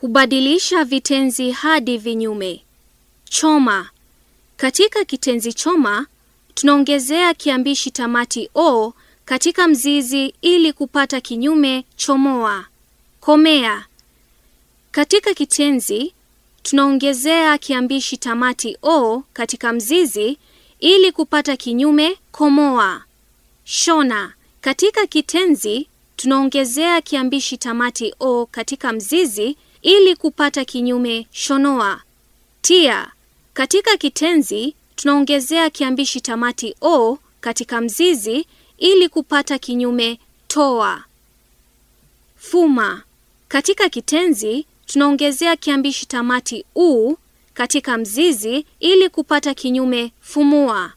kubadilisha vitenzi hadi vinyume. Choma. Katika kitenzi choma, tunaongezea kiambishi tamati o katika mzizi ili kupata kinyume chomoa. Komea. Katika kitenzi tunaongezea kiambishi tamati o katika mzizi ili kupata kinyume komoa. Shona. Katika kitenzi tunaongezea kiambishi tamati o katika mzizi ili kupata kinyume shonoa. Tia katika kitenzi tunaongezea kiambishi tamati o katika mzizi ili kupata kinyume toa. Fuma katika kitenzi tunaongezea kiambishi tamati u katika mzizi ili kupata kinyume fumua.